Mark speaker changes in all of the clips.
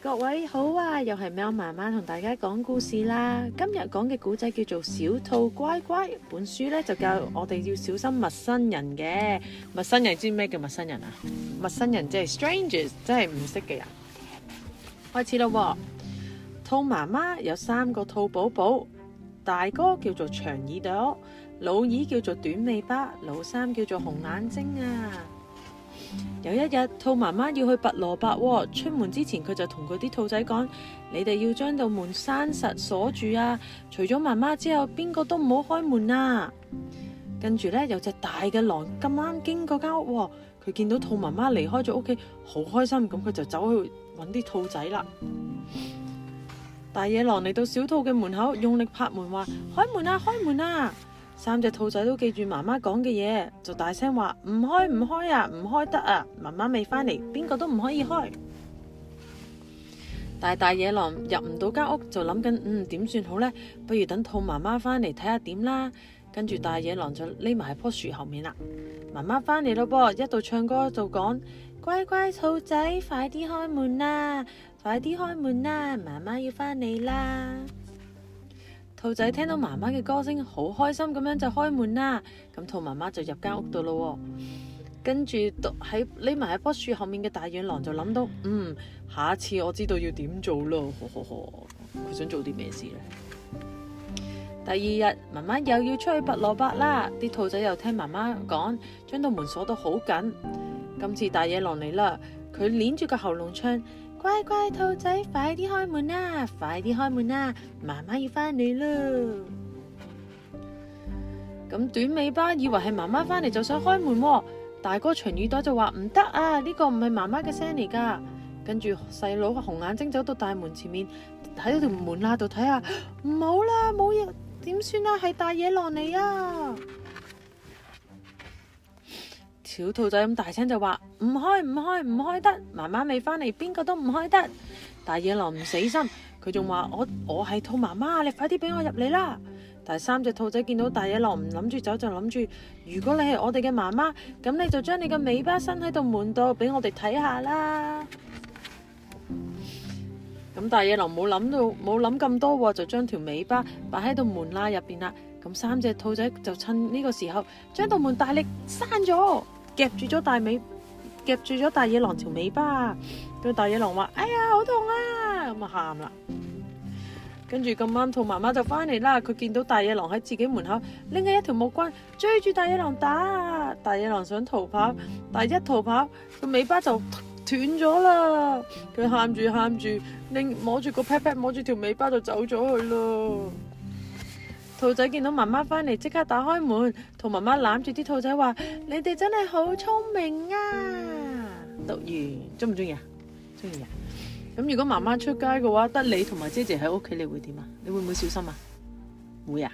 Speaker 1: 各位好啊，又係喵媽媽同大家講故事啦。今日講嘅古仔叫做《小兔乖乖》，本書咧就教我哋要小心陌生人嘅。陌生人知咩叫陌生人啊？陌生人即係 strangers，即係唔識嘅人。開始咯啊，兔媽媽有三個兔寶寶，大哥叫做長耳朵，老二叫做短尾巴，老三叫做紅眼睛啊。有一日，兔媽媽要去拔蘿蔔，出門之前佢就同佢啲兔仔講：你哋要將度門閂實鎖住啊！除咗媽媽之後，邊個都唔好開門啊！跟住咧，有隻大嘅狼咁啱經過間屋，佢見到兔媽媽離開咗屋企，好開心，咁佢就走去搵啲兔仔啦。大野狼嚟到小兔嘅門口，用力拍門，話：開門啊，開門啊！三隻兔仔都記住媽媽講嘅嘢，就大聲話唔開唔開啊，唔開得啊！媽媽未返嚟，邊個都唔可以開。 大大野狼入唔到間屋，就諗緊嗯點算好呢？不如等兔媽媽返嚟睇下點啦。跟住大野狼就匿埋喺棵樹後面啦。媽媽返嚟咯噃，一度唱歌就講： 乖乖兔仔，快啲開門啦！快啲開門啦，媽媽要返嚟啦！兔仔聽到媽媽嘅歌聲，好開心咁樣就開門啦。咁兔媽媽就入間屋度咯。跟住讀喺匿埋喺棵樹後面嘅大野狼就諗到，嗯，下一次我知道要點做咯。呵呵呵，佢想做啲咩事咧？第二日媽媽又要出去拔蘿蔔啦。啲兔仔又聽媽媽講，將道門鎖到好緊。今次大野狼嚟啦，佢捏住個喉嚨唱。乖乖兔仔，快啲開門啦、啊！快啲開門啦、啊！媽媽要翻嚟咯。咁短尾巴以為係媽媽翻嚟，就想開門、啊。大哥長耳朵就話唔得啊，呢、這個唔係媽媽嘅聲嚟噶。跟住細佬紅眼睛走到大門前面，喺條門罅度睇下，唔好啦，冇嘢，點算啊？係大野狼嚟啊！小兔仔咁大聲就話唔開、唔開、唔開得，媽媽未翻嚟，邊個都唔開得。大野狼唔死心，佢仲話我我係兔媽媽，你快啲俾我入嚟啦。但係三隻兔仔見到大野狼唔諗住走，就諗住如果你係我哋嘅媽媽，咁你就將你嘅尾巴伸喺度門度俾我哋睇下啦。咁大野狼冇諗到冇諗咁多，就將條尾巴擺喺度門拉入邊啦。咁三隻兔仔就趁呢個時候將道門大力閂咗。夾住咗大尾，夾住咗大野狼條尾巴。咁大野狼話：哎呀，好痛啊！咁啊，喊啦。跟住咁啱，兔媽媽就翻嚟啦。佢見到大野狼喺自己門口，拎起一條木棍追住大野狼打。大野狼想逃跑，但一逃跑，個尾巴就斷咗啦。佢喊住喊住，擰摸住個 pat pat，摸住條尾巴就走咗去咯。兔仔見到媽媽翻嚟，即刻打開門，同媽媽攬住啲兔仔話：，你哋真係好聰明啊！讀完中唔中意啊？中意啊！咁如果媽媽出街嘅話，得你同埋姐姐喺屋企，你會點啊？你會唔會小心啊？會啊，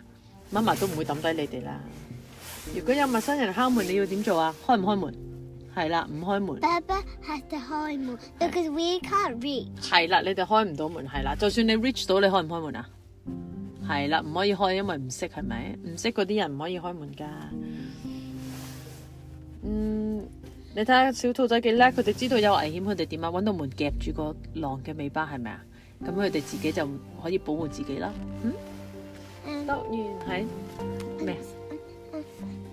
Speaker 1: 媽媽都唔會抌低你哋啦。如果有陌生人敲門，你要點做啊？開唔開門？係啦，唔開門。爸爸 has to 開門，because we can't reach。係啦，你哋開唔到門，係啦，就算你 reach 到，你開唔開門啊？係啦，唔可以開，因為唔識，係咪？唔識嗰啲人唔可以開門噶。嗯，你睇下小兔仔幾叻，佢哋知道有危險，佢哋點啊？搵到門夾住個狼嘅尾巴係咪啊？咁佢哋自己就可以保護自己啦。嗯，嗯，得嘅。係，咩？